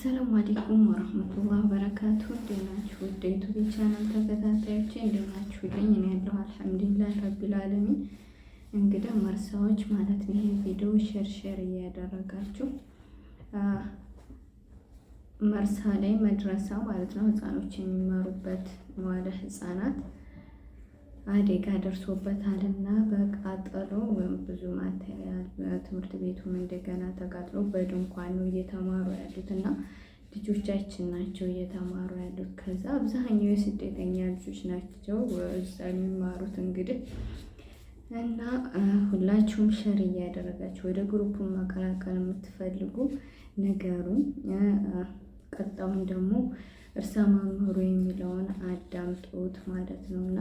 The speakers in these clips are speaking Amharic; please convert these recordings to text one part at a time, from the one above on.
አሰላሙ አለይኩም ወረህመቱላህ በረካቱ እንደናችሁ ውድ ዩቱብ ቻናል ተከታታዮች እንደናችሁልኝ እኔ ያለሁ አልሐምዱሊላህ ረቢል ዓለሚን። እንግዲህ መርሳዎች ማለት ነው። ይህ ቪዲዮ ሼር ሼር እያደረጋችሁ መርሳ ላይ መድረሳ ማለት ነው ህፃኖች የሚመሩበት መዋለ ህፃናት አደጋ እና በቃጠሎ ወይም ብዙ ማቴሪያል ትምህርት ቤቱም እንደገና ተቃጥሎ በድንኳን ነው እየተማሩ ያሉት እና ልጆቻችን ናቸው እየተማሩ ያሉት። ከዛ አብዛኛው የስደተኛ ልጆች ናቸው እዛ የሚማሩት እንግዲህ እና ሁላችሁም ሸር እያደረጋችሁ ወደ ግሩፑን መቀላቀል የምትፈልጉ ነገሩን ቀጣውን ደግሞ እርሳ መምህሩ የሚለውን አዳምጡት ማለት ነው እና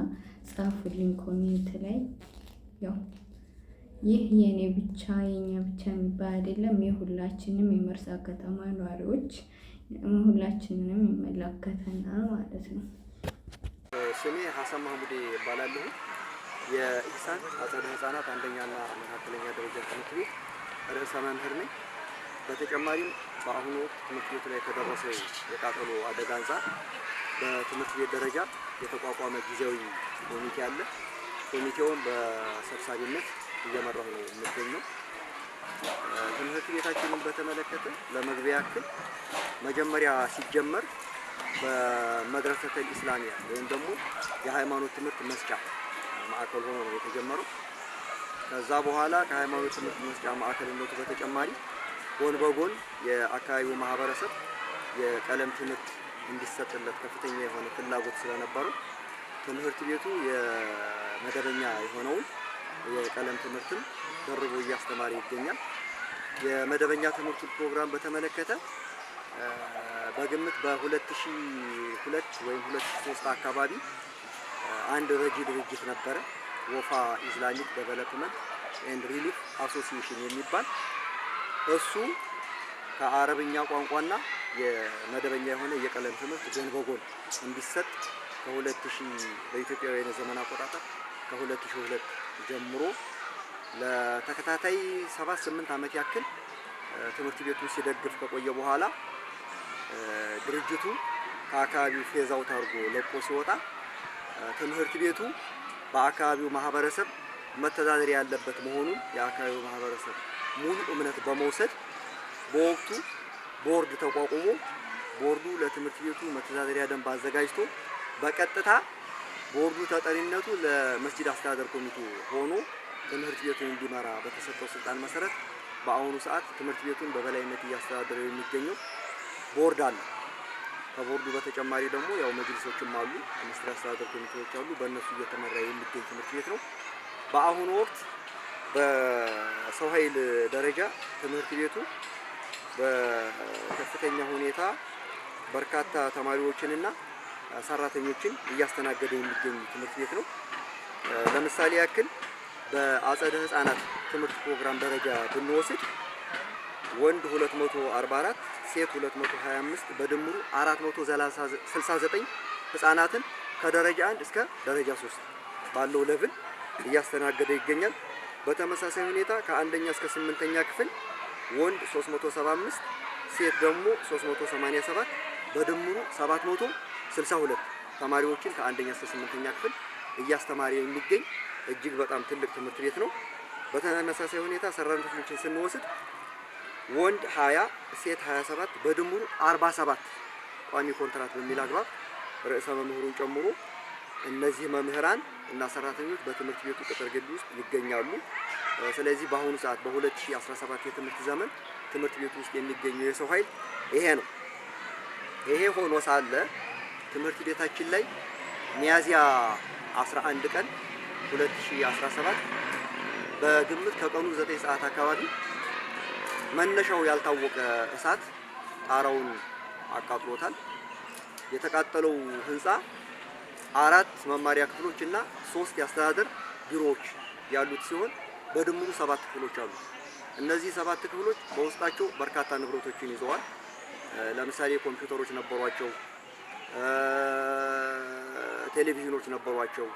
ጻፉልኝ ኮሜንት ላይ ያው ይህ የእኔ ብቻ የኛ ብቻ የሚባል አይደለም። የሁላችንም የመርሳ ከተማ ነዋሪዎች ሁላችንንም ይመለከተናል ማለት ነው። ስሜ ሀሰን ማህሙድ ይባላለሁ። የኢህሳን አጸደ ህጻናት አንደኛና መካከለኛ ደረጃ ትምህርት ቤት ርዕሰ መምህር ነኝ። በተጨማሪም በአሁኑ ወቅት ትምህርት ቤት ላይ ከደረሰው የቃጠሎ አደጋ አንጻር በትምህርት ቤት ደረጃ የተቋቋመ ጊዜያዊ ኮሚቴ አለ። ኮሚቴውን በሰብሳቢነት እየመራሁ ነው የምገኘው። ትምህርት ቤታችንን በተመለከተ ለመግቢያ ያክል መጀመሪያ ሲጀመር በመድረሰተል ኢስላሚያ ወይም ደግሞ የሃይማኖት ትምህርት መስጫ ማዕከል ሆኖ ነው የተጀመረው። ከዛ በኋላ ከሃይማኖት ትምህርት መስጫ ማዕከልነቱ በተጨማሪ ጎን በጎን የአካባቢው ማህበረሰብ የቀለም ትምህርት እንዲሰጥለት ከፍተኛ የሆነ ፍላጎት ስለነበረው ትምህርት ቤቱ የመደበኛ የሆነውን የቀለም ትምህርትን ደርቦ እያስተማረ ይገኛል። የመደበኛ ትምህርቱ ፕሮግራም በተመለከተ በግምት በ2002 ወይም 2003 አካባቢ አንድ ረጂ ድርጅት ነበረ፣ ወፋ ኢስላሚክ ዴቨሎፕመንት ኤንድ ሪሊፍ አሶሲዬሽን የሚባል እሱ ከአረብኛ ቋንቋና የመደበኛ የሆነ የቀለም ትምህርት ጎን በጎን እንዲሰጥ ከ2000 በኢትዮጵያውያን ዘመን አቆጣጠር ከ2002 ጀምሮ ለተከታታይ 78 8 ዓመት ያክል ትምህርት ቤቱ ሲደግፍ ከቆየ በኋላ ድርጅቱ ከአካባቢው ፌዛው አድርጎ ለቆ ሲወጣ ትምህርት ቤቱ በአካባቢው ማህበረሰብ መተዳደር ያለበት መሆኑን የአካባቢው ማህበረሰብ ሙሉ እምነት በመውሰድ በወቅቱ ቦርድ ተቋቁሞ ቦርዱ ለትምህርት ቤቱ መተዳደሪያ ደንብ አዘጋጅቶ በቀጥታ ቦርዱ ተጠሪነቱ ለመስጂድ አስተዳደር ኮሚቴ ሆኖ ትምህርት ቤቱን እንዲመራ በተሰጠው ስልጣን መሰረት በአሁኑ ሰዓት ትምህርት ቤቱን በበላይነት እያስተዳደረው የሚገኘው ቦርድ አለ። ከቦርዱ በተጨማሪ ደግሞ ያው መጅልሶችም አሉ፣ መስሪያ አስተዳደር ኮሚቴዎች አሉ። በእነሱ እየተመራ የሚገኝ ትምህርት ቤት ነው። በአሁኑ ወቅት በሰው ኃይል ደረጃ ትምህርት ቤቱ በከፍተኛ ሁኔታ በርካታ ተማሪዎችንና ሰራተኞችን እያስተናገደ የሚገኝ ትምህርት ቤት ነው። ለምሳሌ ያክል በአጸደ ህጻናት ትምህርት ፕሮግራም ደረጃ ብንወስድ ወንድ 244 ሴት 225 በድምሩ 469 ህጻናትን ከደረጃ 1 እስከ ደረጃ 3 ባለው ለብል እያስተናገደ ይገኛል። በተመሳሳይ ሁኔታ ከአንደኛ እስከ ስምንተኛ ክፍል ወንድ 375 ሴት ደግሞ 387 በድምሩ 762 ተማሪዎችን ከአንደኛ እስከ ስምንተኛ ክፍል እያስተማረ የሚገኝ እጅግ በጣም ትልቅ ትምህርት ቤት ነው። በተመሳሳይ ሁኔታ ክፍሎችን ስንወስድ ወንድ 20 ሴት 27 በድምሩ 47 ቋሚ ኮንትራት በሚል አግባብ ርዕሰ መምህሩን ጨምሮ እነዚህ መምህራን እና ሰራተኞች በትምህርት ቤቱ ቅጥር ግቢ ውስጥ ይገኛሉ። ስለዚህ በአሁኑ ሰዓት በ2017 የትምህርት ዘመን ትምህርት ቤቱ ውስጥ የሚገኘው የሰው ኃይል ይሄ ነው። ይሄ ሆኖ ሳለ ትምህርት ቤታችን ላይ ሚያዚያ 11 ቀን 2017 በግምት ከቀኑ 9 ሰዓት አካባቢ መነሻው ያልታወቀ እሳት ጣራውን አቃጥሎታል። የተቃጠለው ህንፃ አራት መማሪያ ክፍሎች እና ሶስት የአስተዳደር ቢሮዎች ያሉት ሲሆን በድምሩ ሰባት ክፍሎች አሉ። እነዚህ ሰባት ክፍሎች በውስጣቸው በርካታ ንብረቶችን ይዘዋል። ለምሳሌ ኮምፒውተሮች ነበሯቸው፣ ቴሌቪዥኖች ነበሯቸው፣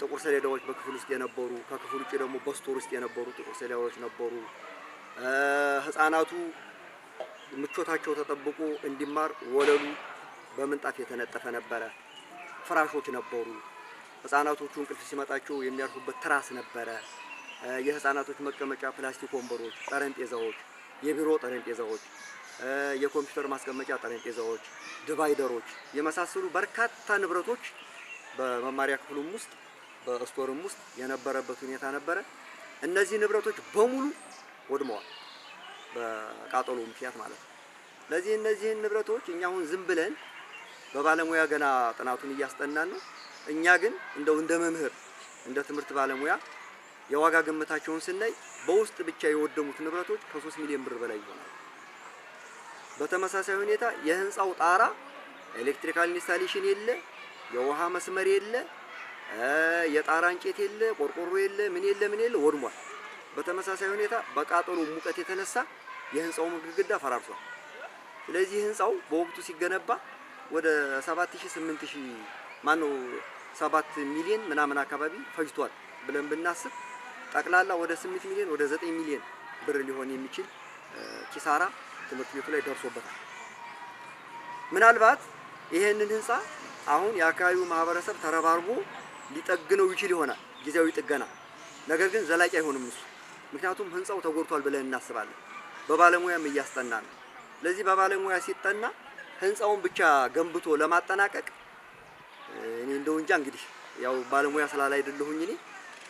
ጥቁር ሰሌዳዎች በክፍል ውስጥ የነበሩ ከክፍል ውጭ ደግሞ በስቶር ውስጥ የነበሩ ጥቁር ሰሌዳዎች ነበሩ። ህጻናቱ ምቾታቸው ተጠብቆ እንዲማር ወለሉ በምንጣፍ የተነጠፈ ነበረ። ፍራሾች ነበሩ። ህጻናቶቹ እንቅልፍ ሲመጣቸው የሚያርፉበት ትራስ ነበረ። የህፃናቶች መቀመጫ ፕላስቲክ ወንበሮች፣ ጠረጴዛዎች፣ የቢሮ ጠረጴዛዎች፣ የኮምፒውተር ማስቀመጫ ጠረጴዛዎች፣ ዲቫይደሮች የመሳሰሉ በርካታ ንብረቶች በመማሪያ ክፍሉም ውስጥ በስቶርም ውስጥ የነበረበት ሁኔታ ነበረ። እነዚህ ንብረቶች በሙሉ ወድመዋል በቃጠሎ ምክንያት ማለት ነው። ስለዚህ እነዚህን ንብረቶች እኛ አሁን ዝም ብለን በባለሙያ ገና ጥናቱን እያስጠናን ነው። እኛ ግን እንደው እንደ መምህር እንደ ትምህርት ባለሙያ የዋጋ ግምታቸውን ስናይ በውስጥ ብቻ የወደሙት ንብረቶች ከ ከ3 ሚሊዮን ብር በላይ ይሆናል። በተመሳሳይ ሁኔታ የህንፃው ጣራ ኤሌክትሪካል ኢንስታሌሽን የለ፣ የውሃ መስመር የለ፣ የጣራ እንጨት የለ፣ ቆርቆሮ የለ፣ ምን የለ ምን የለ ወድሟል። በተመሳሳይ ሁኔታ በቃጠሎ ሙቀት የተነሳ የህንፃው ግድግዳ ፈራርሷል። ስለዚህ ህንፃው በወቅቱ ሲገነባ ወደ 7000 8000 ማነው 7 ሚሊዮን ምናምን አካባቢ ፈጅቷል ብለን ብናስብ ጠቅላላ ወደ 8 ሚሊዮን ወደ 9 ሚሊዮን ብር ሊሆን የሚችል ኪሳራ ትምህርት ቤቱ ላይ ደርሶበታል። ምናልባት ይሄንን ህንፃ አሁን የአካባቢው ማህበረሰብ ተረባርቦ ሊጠግነው ይችል ይሆናል ጊዜያዊ ጥገና። ነገር ግን ዘላቂ አይሆንም እሱ። ምክንያቱም ህንፃው ተጎድቷል ብለን እናስባለን። በባለሙያም እያስጠና ነው። በባለሙያ ሲጠና ህንፃውን ብቻ ገንብቶ ለማጠናቀቅ እኔ እንደው እንጃ እንግዲህ ያው ባለሙያ ስላል አይደለሁኝ እኔ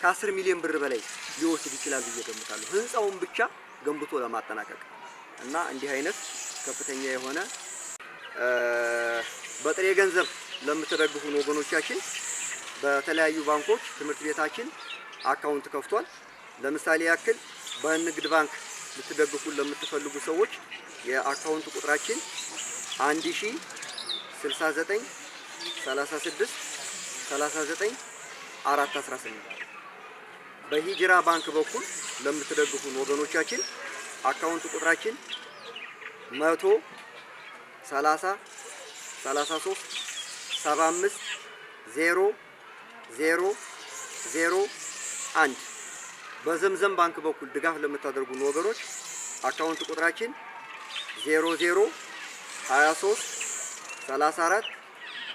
ከአስር ሚሊዮን ብር በላይ ሊወስድ ይችላል ብዬ ገምታለሁ። ህንፃውን ብቻ ገንብቶ ለማጠናቀቅ እና እንዲህ አይነት ከፍተኛ የሆነ በጥሬ ገንዘብ ለምትደግፉን ወገኖቻችን በተለያዩ ባንኮች ትምህርት ቤታችን አካውንት ከፍቷል። ለምሳሌ ያክል በንግድ ባንክ ልትደግፉን ለምትፈልጉ ሰዎች የአካውንት ቁጥራችን አንድ ሺ ስልሳ ዘጠኝ ሰላሳ ስድስት ሰላሳ ዘጠኝ አራት አስራ ስምንት በሂጅራ ባንክ በኩል ለምትደግፉን ወገኖቻችን አካውንት ቁጥራችን መቶ ሰላሳ ሰላሳ ሶስት ሰባ አምስት ዜሮ ዜሮ ዜሮ አንድ በዘምዘም ባንክ በኩል ድጋፍ ለምታደርጉን ወገኖች አካውንት ቁጥራችን ዜሮ ዜሮ 23 34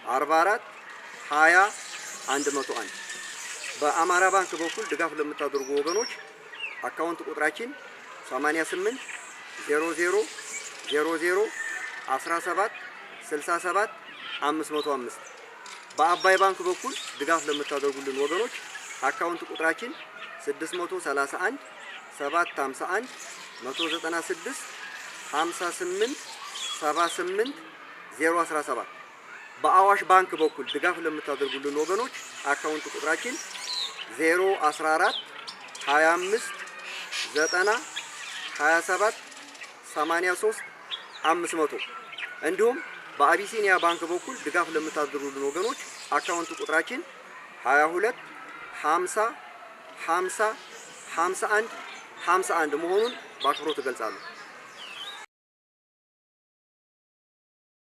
44 20 101 በአማራ ባንክ በኩል ድጋፍ ለምታደርጉ ወገኖች አካውንት ቁጥራችን 88 00 00 17 67 505 በአባይ ባንክ በኩል ድጋፍ ለምታደርጉልን ወገኖች አካውንት ቁጥራችን 631 751 196 58 78 በአዋሽ ባንክ በኩል ድጋፍ ለምታደርጉልን ወገኖች አካውንት ቁጥራችን 014 25 90 27 83 500 እንዲሁም በአቢሲኒያ ባንክ በኩል ድጋፍ ለምታደርጉልን ወገኖች አካውንት ቁጥራችን 22 50 50 51 51 መሆኑን በአክብሮት እገልጻለሁ።